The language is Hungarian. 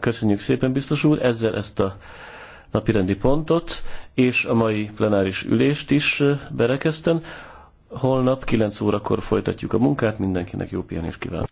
Köszönjük szépen, biztos úr, ezzel ezt a napirendi pontot és a mai plenáris ülést is berekeztem. Holnap 9 órakor folytatjuk a munkát, mindenkinek jó pihenést kívánok!